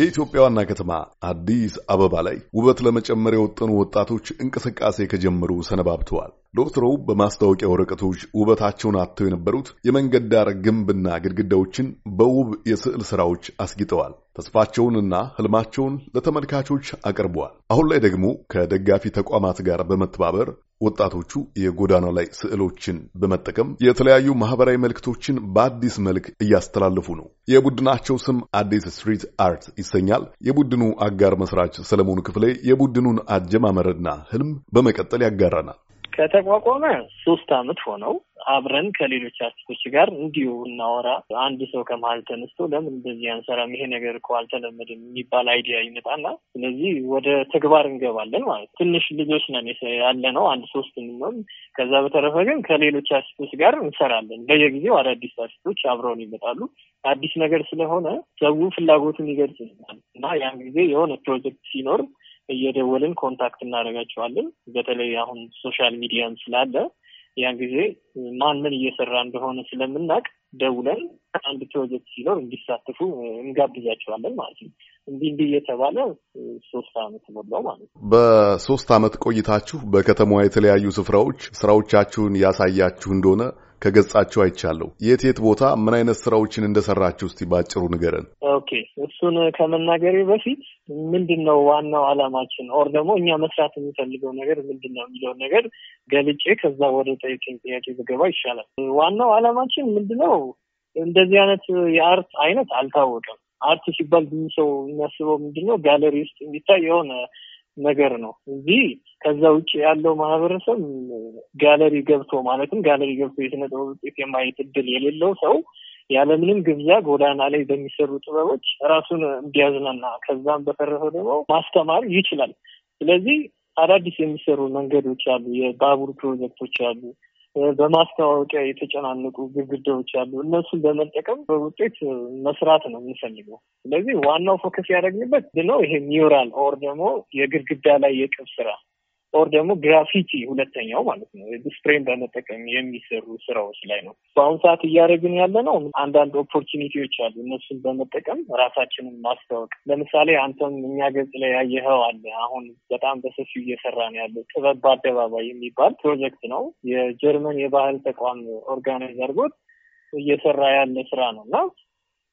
የኢትዮጵያ ዋና ከተማ አዲስ አበባ ላይ ውበት ለመጨመር የወጠኑ ወጣቶች እንቅስቃሴ ከጀመሩ ሰነባብተዋል። ዶክትሮው በማስታወቂያ ወረቀቶች ውበታቸውን አጥተው የነበሩት የመንገድ ዳር ግንብና ግድግዳዎችን በውብ የስዕል ስራዎች አስጊጠዋል። ተስፋቸውንና ህልማቸውን ለተመልካቾች አቅርበዋል። አሁን ላይ ደግሞ ከደጋፊ ተቋማት ጋር በመተባበር ወጣቶቹ የጎዳና ላይ ስዕሎችን በመጠቀም የተለያዩ ማህበራዊ መልእክቶችን በአዲስ መልክ እያስተላለፉ ነው። የቡድናቸው ስም አዲስ ስትሪት አርት ይሰኛል። የቡድኑ አጋር መስራች ሰለሞን ክፍሌ የቡድኑን አጀማመርና ህልም በመቀጠል ያጋራናል። ከተቋቋመ ሶስት አመት ሆነው አብረን ከሌሎች አርቲስቶች ጋር እንዲሁ እናወራ። አንድ ሰው ከመሀል ተነስቶ ለምን እንደዚህ አንሰራም ይሄ ነገር እኮ አልተለመድም የሚባል አይዲያ ይመጣና ስለዚህ ወደ ተግባር እንገባለን ማለት ትንሽ ልጆች ነን ያለ ነው አንድ ሶስት ምንም። ከዛ በተረፈ ግን ከሌሎች አርቲስቶች ጋር እንሰራለን። በየጊዜው አዳዲስ አርቲስቶች አብረውን ይመጣሉ። አዲስ ነገር ስለሆነ ሰው ፍላጎቱን ይገልጽልናል እና ያን ጊዜ የሆነ ፕሮጀክት ሲኖር እየደወልን ኮንታክት እናደርጋቸዋለን። በተለይ አሁን ሶሻል ሚዲያም ስላለ ያን ጊዜ ማን ምን እየሰራ እንደሆነ ስለምናውቅ ደውለን አንድ ፕሮጀክት ሲኖር እንዲሳተፉ እንጋብዛቸዋለን ማለት ነው። እንዲህ እንዲህ እየተባለ ሶስት አመት ሞላው ማለት ነው። በሶስት አመት ቆይታችሁ በከተማዋ የተለያዩ ስፍራዎች ስራዎቻችሁን ያሳያችሁ እንደሆነ ከገጻችሁ አይቻለሁ። የት የት ቦታ ምን አይነት ስራዎችን እንደሰራችሁ እስቲ ባጭሩ ንገረን። ኦኬ፣ እሱን ከመናገሬ በፊት ምንድን ነው ዋናው አላማችን ኦር ደግሞ እኛ መስራት የሚፈልገው ነገር ምንድን ነው የሚለውን ነገር ገልጬ ከዛ ወደ ጠየቀኝ ጥያቄ ብገባ ይሻላል። ዋናው አላማችን ምንድን ነው? እንደዚህ አይነት የአርት አይነት አልታወቀም። አርት ሲባል ብዙ ሰው የሚያስበው ምንድን ነው? ጋለሪ ውስጥ የሚታይ የሆነ ነገር ነው እንጂ ከዛ ውጭ ያለው ማህበረሰብ ጋለሪ ገብቶ ማለትም ጋለሪ ገብቶ የስነ ጥበብ ውጤት የማየት እድል የሌለው ሰው ያለምንም ግብዣ ጎዳና ላይ በሚሰሩ ጥበቦች ራሱን እንዲያዝናና ከዛም በተረፈ ደግሞ ማስተማር ይችላል። ስለዚህ አዳዲስ የሚሰሩ መንገዶች አሉ፣ የባቡር ፕሮጀክቶች አሉ፣ በማስታወቂያ የተጨናነቁ ግድግዳዎች አሉ። እነሱን በመጠቀም በውጤት መስራት ነው የምንፈልገው። ስለዚህ ዋናው ፎከስ ያደረግንበት ነው ይሄ ሚውራል ኦር ደግሞ የግድግዳ ላይ የቅብ ስራ ኦር ደግሞ ግራፊቲ ሁለተኛው ማለት ነው ስፕሬን በመጠቀም የሚሰሩ ስራዎች ላይ ነው በአሁኑ ሰዓት እያደረግን ያለ ነው። አንዳንድ ኦፖርቹኒቲዎች አሉ። እነሱን በመጠቀም ራሳችንን ማስታወቅ ለምሳሌ አንተም እኛ ገጽ ላይ ያየኸው አለ። አሁን በጣም በሰፊው እየሰራ ነው ያለው ጥበብ በአደባባይ የሚባል ፕሮጀክት ነው። የጀርመን የባህል ተቋም ኦርጋናይዝ አድርጎት እየሰራ ያለ ስራ ነው እና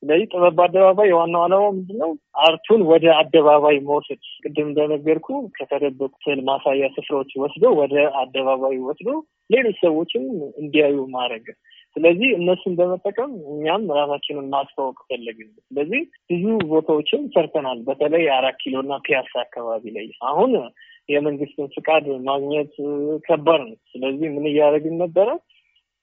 ስለዚህ ጥበብ አደባባይ የዋናው ዓላማው ምንድነው? አርቱን ወደ አደባባይ መውሰድ። ቅድም እንደነገርኩ ከተደበቁትን ማሳያ ስፍራዎች ወስዶ ወደ አደባባይ ወስዶ ሌሎች ሰዎችም እንዲያዩ ማድረግ። ስለዚህ እነሱን በመጠቀም እኛም ራሳችንን ማስተዋወቅ ፈለግን። ስለዚህ ብዙ ቦታዎችን ሰርተናል። በተለይ አራት ኪሎ እና ፒያሳ አካባቢ ላይ አሁን የመንግስትን ፍቃድ ማግኘት ከባድ ነው። ስለዚህ ምን እያደረግን ነበረ?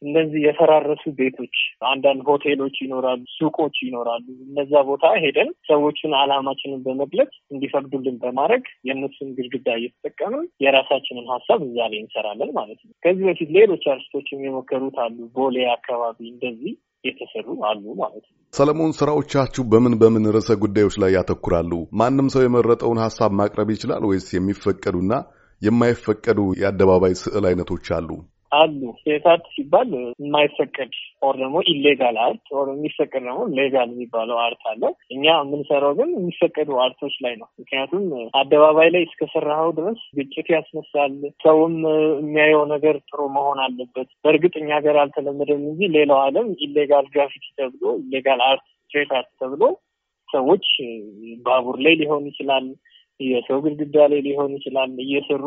እነዚህ የፈራረሱ ቤቶች፣ አንዳንድ ሆቴሎች ይኖራሉ፣ ሱቆች ይኖራሉ። እነዛ ቦታ ሄደን ሰዎቹን አላማችንን በመግለጽ እንዲፈቅዱልን በማድረግ የእነሱን ግድግዳ እየተጠቀምን የራሳችንን ሀሳብ እዛ ላይ እንሰራለን ማለት ነው። ከዚህ በፊት ሌሎች አርቲስቶችም የሞከሩት አሉ። ቦሌ አካባቢ እንደዚህ የተሰሩ አሉ ማለት ነው። ሰለሞን፣ ስራዎቻችሁ በምን በምን ርዕሰ ጉዳዮች ላይ ያተኩራሉ? ማንም ሰው የመረጠውን ሀሳብ ማቅረብ ይችላል ወይስ የሚፈቀዱና የማይፈቀዱ የአደባባይ ስዕል አይነቶች አሉ? አሉ። ሴት አርት ሲባል የማይፈቀድ ኦር ደግሞ ኢሌጋል አርት ኦር የሚፈቀድ ደግሞ ሌጋል የሚባለው አርት አለ። እኛ የምንሰራው ግን የሚፈቀዱ አርቶች ላይ ነው። ምክንያቱም አደባባይ ላይ እስከሰራኸው ድረስ ግጭት ያስነሳል። ሰውም የሚያየው ነገር ጥሩ መሆን አለበት። በእርግጥ እኛ ሀገር አልተለመደም እንጂ ሌላው ዓለም ኢሌጋል ግራፊቲ ተብሎ ኢሌጋል አርት ስትሬት አርት ተብሎ ሰዎች ባቡር ላይ ሊሆን ይችላል፣ የሰው ግድግዳ ላይ ሊሆን ይችላል እየሰሩ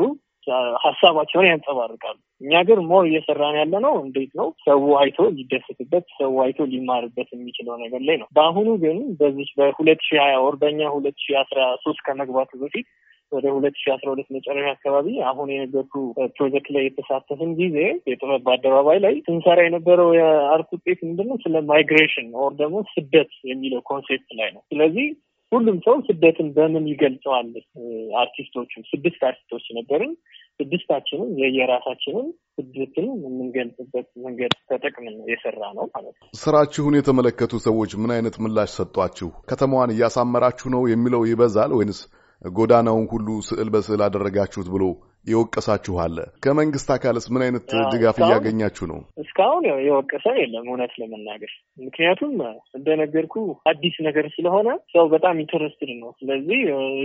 ሀሳባቸውን ያንጸባርቃሉ። እኛ ግን ሞር እየሰራን ያለ ነው እንዴት ነው ሰው አይቶ ሊደሰትበት ሰው አይቶ ሊማርበት የሚችለው ነገር ላይ ነው። በአሁኑ ግን በዚህ በሁለት ሺ ሀያ ወር በእኛ ሁለት ሺ አስራ ሶስት ከመግባቱ በፊት ወደ ሁለት ሺ አስራ ሁለት መጨረሻ አካባቢ አሁን የነገርኩ ፕሮጀክት ላይ የተሳተፍን ጊዜ የጥበብ በአደባባይ ላይ ስንሰራ የነበረው የአርት ውጤት ምንድነው ስለ ማይግሬሽን ኦር ደግሞ ስደት የሚለው ኮንሴፕት ላይ ነው። ስለዚህ ሁሉም ሰው ስደትን በምን ይገልጸዋል? አርቲስቶቹ ስድስት አርቲስቶች ነበርን። ስድስታችንም የየራሳችንም ስድስትን የምንገልጽበት መንገድ ተጠቅምን የሰራ ነው ማለት ነው። ስራችሁን የተመለከቱ ሰዎች ምን አይነት ምላሽ ሰጧችሁ? ከተማዋን እያሳመራችሁ ነው የሚለው ይበዛል ወይንስ ጎዳናውን ሁሉ ስዕል በስዕል አደረጋችሁት ብሎ ይወቀሳችኋል? ከመንግስት አካልስ ምን አይነት ድጋፍ እያገኛችሁ ነው? እስካሁን ያው የወቀሰን የለም እውነት ለመናገር ምክንያቱም እንደነገርኩ አዲስ ነገር ስለሆነ ሰው በጣም ኢንተረስትድ ነው። ስለዚህ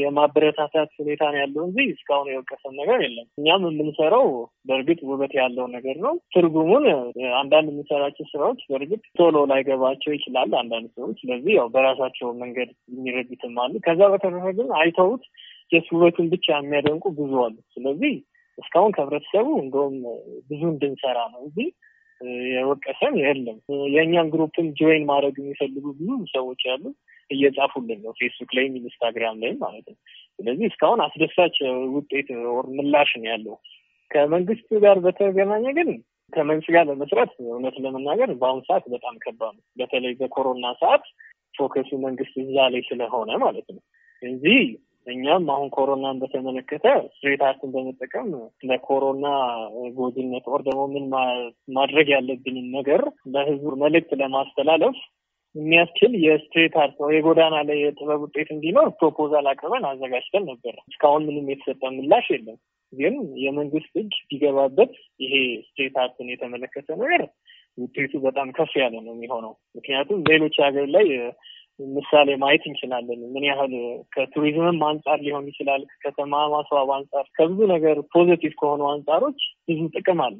የማበረታታት ሁኔታ ነው ያለው እንጂ እስካሁን የወቀሰን ነገር የለም። እኛም የምንሰራው በእርግጥ ውበት ያለው ነገር ነው። ትርጉሙን አንዳንድ የምንሰራቸው ስራዎች በእርግጥ ቶሎ ላይገባቸው ይችላል አንዳንድ ሰዎች። ስለዚህ ያው በራሳቸው መንገድ የሚረዱትም አሉ። ከዛ በተረፈ ግን አይተውት ኬስ ውበቱን ብቻ የሚያደንቁ ብዙ አሉ። ስለዚህ እስካሁን ከህብረተሰቡ እንደውም ብዙ እንድንሰራ ነው እንጂ የወቀሰም የለም። የእኛን ግሩፕም ጆይን ማድረግ የሚፈልጉ ብዙ ሰዎች ያሉ እየጻፉልን ነው፣ ፌስቡክ ላይም ኢንስታግራም ላይም ማለት ነው። ስለዚህ እስካሁን አስደሳች ውጤት ወር ምላሽ ነው ያለው። ከመንግስት ጋር በተገናኘ ግን ከመንግስት ጋር ለመስራት እውነት ለመናገር በአሁኑ ሰዓት በጣም ከባድ ነው። በተለይ በኮሮና ሰዓት ፎከሱ መንግስት እዛ ላይ ስለሆነ ማለት ነው እንጂ እኛም አሁን ኮሮናን በተመለከተ ስትሬት አርትን በመጠቀም ለኮሮና ጎጂነት ወር ደግሞ ምን ማድረግ ያለብንን ነገር ለህዝቡ መልእክት ለማስተላለፍ የሚያስችል የስትሬት አርት የጎዳና ላይ የጥበብ ውጤት እንዲኖር ፕሮፖዛል አቅርበን አዘጋጅተን ነበር። እስካሁን ምንም የተሰጠ ምላሽ የለም። ግን የመንግስት እጅ ቢገባበት ይሄ ስትሬት አርትን የተመለከተ ነገር ውጤቱ በጣም ከፍ ያለ ነው የሚሆነው። ምክንያቱም ሌሎች ሀገር ላይ ምሳሌ ማየት እንችላለን። ምን ያህል ከቱሪዝምም አንጻር ሊሆን ይችላል፣ ከተማ ማስዋብ አንጻር፣ ከብዙ ነገር ፖዘቲቭ ከሆኑ አንጻሮች ብዙ ጥቅም አለ።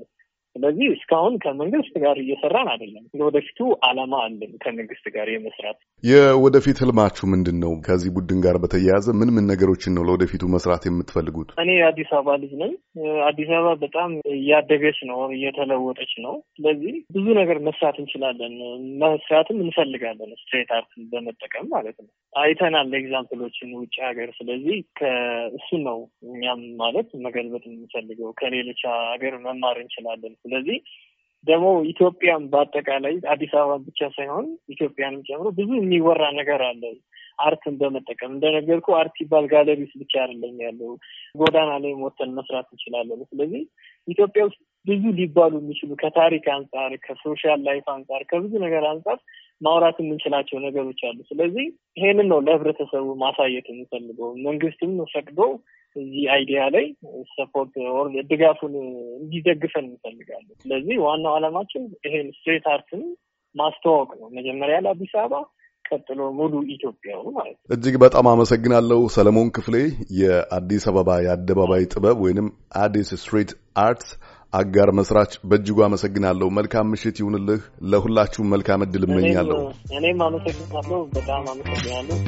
ስለዚህ እስካሁን ከመንግስት ጋር እየሰራን አይደለም። ለወደፊቱ አላማ አለን ከመንግስት ጋር የመስራት። የወደፊት ህልማችሁ ምንድን ነው? ከዚህ ቡድን ጋር በተያያዘ ምን ምን ነገሮችን ነው ለወደፊቱ መስራት የምትፈልጉት? እኔ የአዲስ አበባ ልጅ ነኝ። አዲስ አበባ በጣም እያደገች ነው፣ እየተለወጠች ነው። ስለዚህ ብዙ ነገር መስራት እንችላለን፣ መስራትም እንፈልጋለን። ስትሬት አርትን በመጠቀም ማለት ነው። አይተናል ኤግዛምፕሎችን ውጭ ሀገር። ስለዚህ ከእሱ ነው እኛም ማለት መገልበጥ የምንፈልገው ከሌሎች ሀገር መማር እንችላለን። ስለዚህ ደግሞ ኢትዮጵያን በአጠቃላይ አዲስ አበባ ብቻ ሳይሆን ኢትዮጵያንም ጨምሮ ብዙ የሚወራ ነገር አለ። አርትን በመጠቀም እንደነገርኩ አርት ሲባል ጋለሪስ ብቻ አይደለም ያለው፣ ጎዳና ላይ ሞተን መስራት እንችላለን። ስለዚህ ኢትዮጵያ ውስጥ ብዙ ሊባሉ የሚችሉ ከታሪክ አንጻር፣ ከሶሻል ላይፍ አንጻር፣ ከብዙ ነገር አንጻር ማውራት የምንችላቸው ነገሮች አሉ። ስለዚህ ይሄንን ነው ለህብረተሰቡ ማሳየት የምንፈልገው። መንግስትም ፈቅዶ እዚህ አይዲያ ላይ ሰፖርት ኦር ድጋፉን እንዲደግፈን እንፈልጋለን። ስለዚህ ዋናው ዓላማችን ይሄን ስትሬት አርትን ማስተዋወቅ ነው። መጀመሪያ ለአዲስ አበባ ቀጥሎ ሙሉ ኢትዮጵያ ማለት ነው። እጅግ በጣም አመሰግናለሁ። ሰለሞን ክፍሌ የአዲስ አበባ የአደባባይ ጥበብ ወይንም አዲስ ስትሪት አርት አጋር መስራች በእጅጉ አመሰግናለሁ። መልካም ምሽት ይሁንልህ። ለሁላችሁም መልካም እድል እመኛለሁ። እኔም አመሰግናለሁ። በጣም አመሰግናለሁ።